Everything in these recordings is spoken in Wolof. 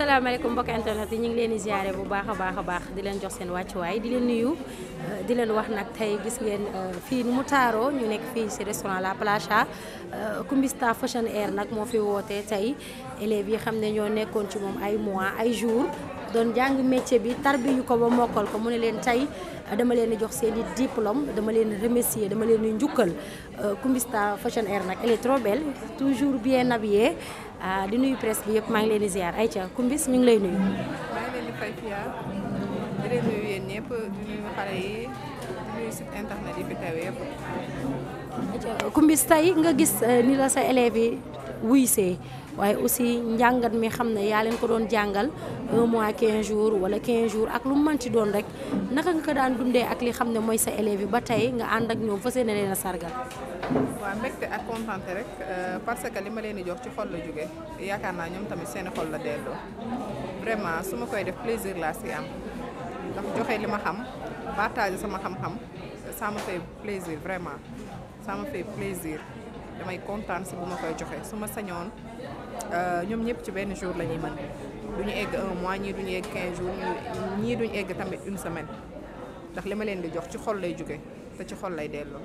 salaamaaleykum mbokk internet yi ñu ngi leen di ziare bu baax a baax a baax di leen jox seen waay di leen nuyu di leen wax nag tey gis ngeen euh, fii mu taaroo ñu nekk fii ci restaurant La Placha euh, Kumbista Fashion Air nag moo fi wootee tey élèves yi xam ne ñoo nekkoon ci moom ay mois ay jour doon jàng métier bi tarbiyu ko ba mokkal ko mu ne leen tey dama leen di jox seen i diplôme dama leen remercier dama leen di njukkal euh, Kumbista Fashion Air nag elle est trop belle bien habillée Ah, di nuyu presse yëpp maa ngi leen di ziar Aïcha Kumbis ñu ngi lay nuyu. maa ngi leen di fay Fia di leen nuyu yéen ñëpp yi di nuyu internet yi fi teew Kumbis tey nga gis eh, ni la sa élèves yi wuysee waaye aussi njàngat mi xam ne yaa leen ko doon jàngal un mois 15 jours wala 15 jours ak lu mu mën ci doon rek naka nga ko daan dundee ak li xam ne mooy sa élèves yi ba tey nga ànd ak ñoom fas yéene leen a sargal. waaw mbégte ak kontante rek euh, parce que li ma leen di jox ci xol la jógee yaakaar naa ñoom tamit seeni xol la delloo vraiment su ma koy def plaisir laa si am ndax joxe li ma xam partage sama xam-xam ça me fait plaisir vraiment ça me damay kontaan si bu ma koy joxe su ma sañoon euh, ñoom ñëpp ci benn jour la ñuy mën du ñu egg un mois ñii du ñu egg 15 jours ñii duñu egg tamit une semaine ndax li ma leen di jox ci xol lay jóge te ci xol lay delloo.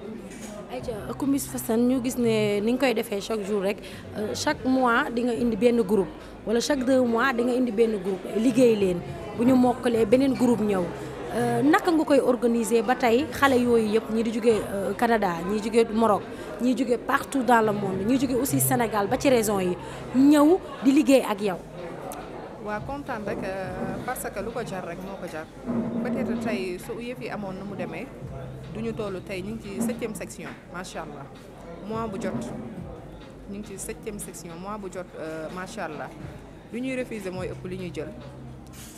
ayca ku Miss Fassane ñu gis ne ni nga koy defee chaque jour rek euh, chaque mois di nga indi benn groupe wala chaque deux mois di nga indi benn groupe liggéey leen bu ñu mokkalee beneen groupe ñëw euh, naka nga koy organiser ba tey xale yooyu yëpp ñi di jógee euh, Canada ñi jógee Maroc ñi jógee partout dans le monde ñi jógee aussi Sénégal ba ci région yi ñëw di liggéey ak yow. waa kontaan rek euh, parce que lu ko jar rek moo ko jar peut-être tey su yëf yi amoon na mu demee du ñu toll tey ñu ngi ci septième section macha allah mois bu jot ñu ngi ci septième section mois bu jot euh, macha allah lu ñuy refuser mooy ëpp li ñuy jël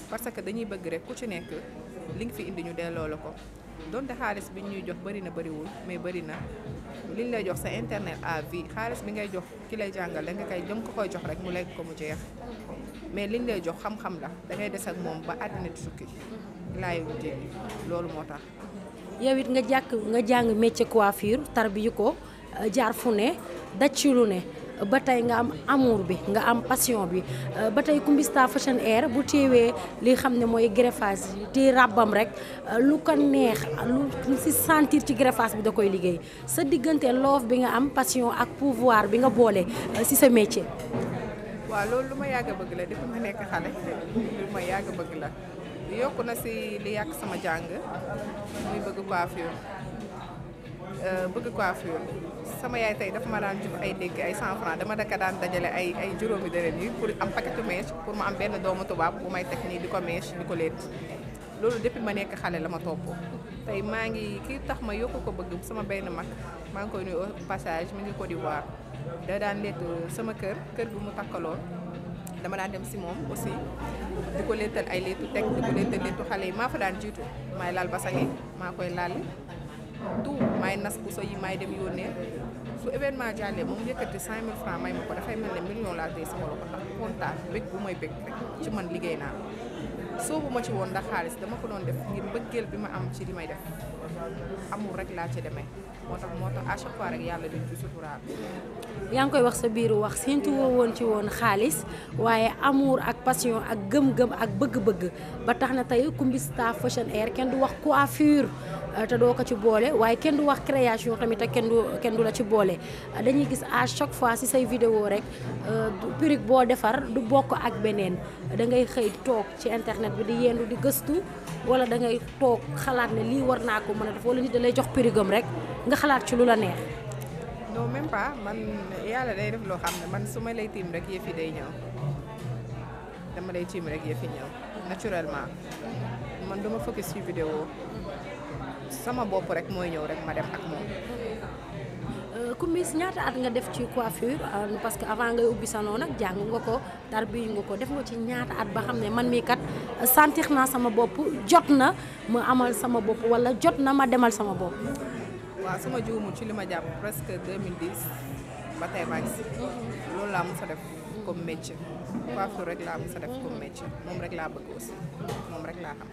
parce que dañuy bëgg rek ku ci nekk li nga fi indi ñu delloo la ko donte xaalis bi ñuy jox bëri na bëriwul mais bëri na. liñ lay jox sa internet à vie xaalis bi ngay jox ki lay jàngal da nga koy jëm ko koy jox rek mu lekk ko mu jeex mais liñ lay jox xam-xam la da ngay des ak moom ba àddina tukki laay wute loolu moo tax. yow it nga jàkk nga jàng métier coiffure tarbiyu ko jaar fu ne daj lu ne. ba tey nga am amour bi nga am passion bi euh, ba tey Coumbista Fashion Air bu teewee li xam ne mooy greffage te ràbbam rek euh, lu ko neex lu si sentir ci greffage bi da koy liggéey sa diggante loof bi nga am passion ak pouvoir bi nga boole euh, si sa métier. waaw loolu lu ma yàgg bëgg la depuis ma nekk xale lu ma yàgg bëgg la yokku na si li yàgg sama jàng muy bëgg coiffure bëgg coiffure sama yaay tey dafa ma daan jox ay ndékki ay 100 francs dama daan dajale ay ay juróomi dërëm yi pour am paquetu mèche pour mu am benn doomu tubaab bu may teg nii di ko mèche di ko leet loolu depuis ma nekk xale la ma topp tey maa ngi kii tax ma yokk ko bëgg sama benn mag maa ngi koy nuyu au passage mi ngi Côte d'Ivoire da daan létt sama kër kër gu mu takkaloon dama daan dem si moom aussi di ko léttal ay léttu teg di ko léttal léttu xale yi maa fa daan jiitu maay laal basang yi maa koy laal tout may nas so yi may dem yónnee su événement jàllee moom yëkkati 5000 francs may ma ko dafay mel ne million laa tey sama loxo ndax kontaan bég bu may bég rek ci man liggéey naa soobu ma ci woon ndax xaalis dama ko doon def ngir mbëggeel bi ma am ci li may def amul rek laa ci demee moo tax moo tax à yàlla dañ yaa ngi koy wax sa biiru wax séntu woo woon ci woon xaalis waaye amuur ak passion ak gëm-gëm ak bëgg-bëgg ba tax na tey Coumbista Fashion Air kenn du wax coiffure euh, te doo ko ci boole waaye kenn du wax création tamit te kenn du la ci boole euh, dañuy gis à chaque fois si say vidéo rek euh, perruque boo defar du bokk ak beneen da ngay xëy toog ci internet bi di yendu di gëstu wala da ngay toog xalaat ne lii war naa ko mën a def wala nit da lay jox perruque rek. nga xalaat ci lula neex non même pas man yalla day def lo xamne man suma lay tim rek yefi day ñëw dama lay tim rek yefi ñëw naturellement man duma focus ci vidéo sama bop rek moy ñëw rek ma dem ak moom euh, kumis ñaata at nga def ci coiffure euh, parce que avant ngay ubbi salon nak jang nga ko tarbi nga ko def nga ci ñaata at ba xamne man mi kat sentir na sama bop jotna ma amal sama bop wala jotna ma demal sama bop waa sama jiwumul ci li ma jàpp presque 2010 ba tey maa ngi si loolu laa mos a def comme métier coiffure rek laa mos a def comme métier moom rek laa bëgg aussi moom rek laa xam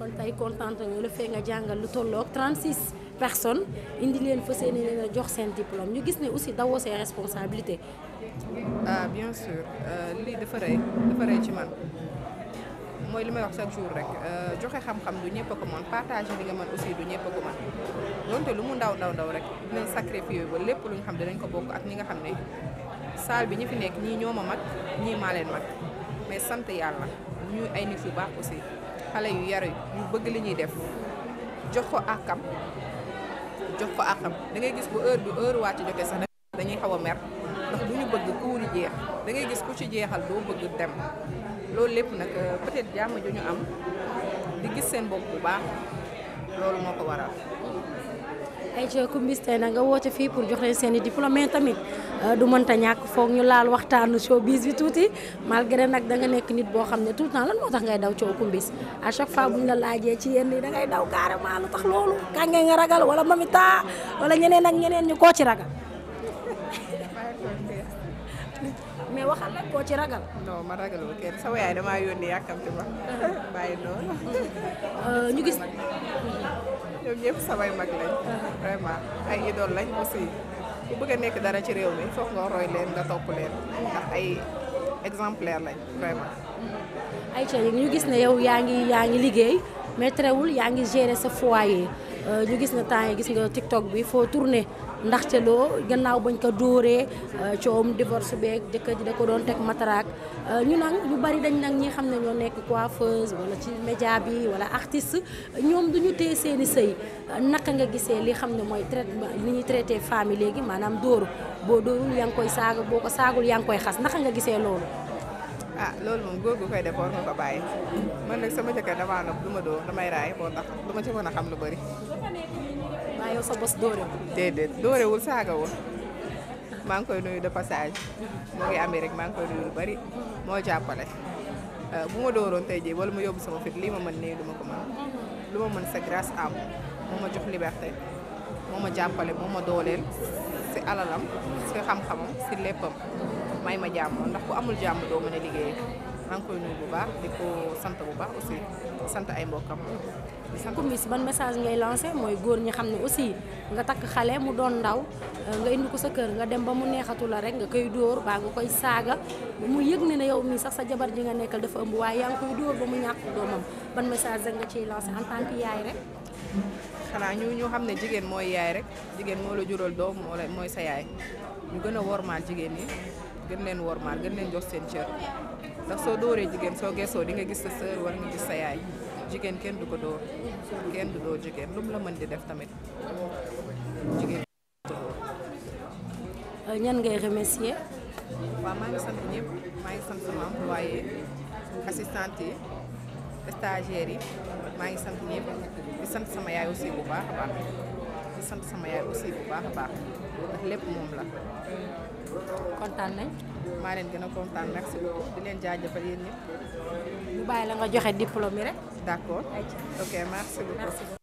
kon tey contente nga la fee nga jàngal lu tolloog 36 personnes indi leen fa seen leen a jox seen diplôme ñu gis ne aussi dawoo seen responsabilité ah bien sûr euh, lii dafa rëy dafa rëy ci man mooy li may wax chaque jour rek euh, joxe xam-xam du ñëpp ko mën partager li nga mën aussi du ñëpp a ko mën donte lu mu ndaw ndaw ndaw rek dinañ sacrifier ba lépp lu ñu xam dinañ ko bokk ak ni nga xam ne salle bi ñu fi nekk ñii ñoo ma mag ñii maa leen mag mais sant yàlla ñu ay nit yu baax aussi xale yu yare yu bëgg li ñuy def jox ko àkkam jox ko àkkam da ngay gis bu heure bu heure wàcc joxe sax dañuy xaw a mer ndax bu ñu bëgg kuuri jeex da ngay gis ku ci jeexal doo bëgg dem loolu lépp nag euh, peut-être jàmm ju ñu am di gis seen bopp bu baax loolu moo ko waral. ay ci Kumbis tey na nga woote fii pour jox leen seen i tamit euh, du mënta ñàkk foog ñu laal waxtaanu showbiz bi tuuti malgré nag da nga nekk nit boo xam ne tout le temps lan moo tax ngay daw coow Kumbis à chaque fois bu ñu la laajee ci yenn yi da ngay daw carrément lu tax loolu. kàngee nga ragal wala mamita wala ñeneen ak ñeneen ñu koo ci ragal. mais waxal nag koo ci ragal. non ma ragalul kenn sama yaay damaa yónnee yàkkamti ma bàyyi noonu. Euh, ñu gis ñoom ñëpp samay mag lañ. vraiment ay idole lañ aussi ku bëgg a nekk dara ci réew mi foog nga roy leen nga topp leen ndax ay exemplaire lañ vraiment. ay ñu gis ne yow yaa ngi yaa ngi liggéey. mais terewul yaa ngi gérer sa foyer euh, ñu gis na temps yi gis nga TikTok bi foo tourner ndaxte loo gannaaw bañ ko dóoree euh, coowum divorce beeg jëkkër ji da ko doon teg mataraak euh, ñu nag ñu bari dañ nag ñi xam ne ñoo nekk coiffeuse wala ci média bi wala artiste ñoom du ñu téye seeni sëy naka nga gisee li xam ne mooy traitement li ñuy traité femme yi léegi maanaam dóoru boo dóorul yaa ngi koy saaga boo ko saagul yaa ngi koy xas naka nga gisee loolu. ah loolu moom góor gu koy def war ba ko bàyyi man nag sama jëkkër damaa nopp du ma dóor damay raay boo tax du ma ci mën a xam lu bëri. waaw yow sa bos maa ngi koy nuyu de moo ngi amee rek maa ngi koy nuyu lu bëri moo jàppale ah, bu ma tey jii wala mu yóbbu sama fit lii ma man nii du ma ko mën lu ma mën sa grâce am moo ma jox liberté moo ma jàppale moo ma dooleel si alalam si xam-xamam si léppam. may ma jàmm ndax ku amul jàmm doo mën a liggéey maa koy nuyu bu baax di ko sant bu baax aussi sant ay mbokkam. ku mis ban message ngay lancé mooy góor ñi xam ne aussi nga takk xale mu doon ndaw euh, nga indi ko sa kër nga dem ba mu neexatu la rek nga koy dóor baa nga saaga mu yëg ne yow mii sa jabar ji nga nekkal dafa ëmb yaa ngi koy dóor ba mu ñàkk doomam ban message rek nga ciy lancé en tant yaay rek. xanaa ñu ñu xam ne jigéen mooy yaay rek jigéen moo la juróol doom la mooy sa yaay ñu gën a wormaal jigéen ñi. gën leen wormaal gën leen jox seen cër ndax soo dooree jigéen soo geesoo dinga gis sa sœur war nga gis sa yaay jigéen kenn du ko doo kenn du dóor jigéen lu mu la mën di def tamit jigéen euh, ñan ngay remercier waaw maa ngi sant ñëpp maa ngi sant sama employé assistante yi stagiaire yi maa ngi sant ñëpp di sant sama yaay aussi bu baax a baax di sant sama yaay aussi bu baax a baax ndax lépp moom la kontaan nañ. maa leen gën a kontaan merci beaucoup di leen jaajëfal yéen ñëpp. bu bàyyi la nga joxe diplôme yi rek. d' accord ok merci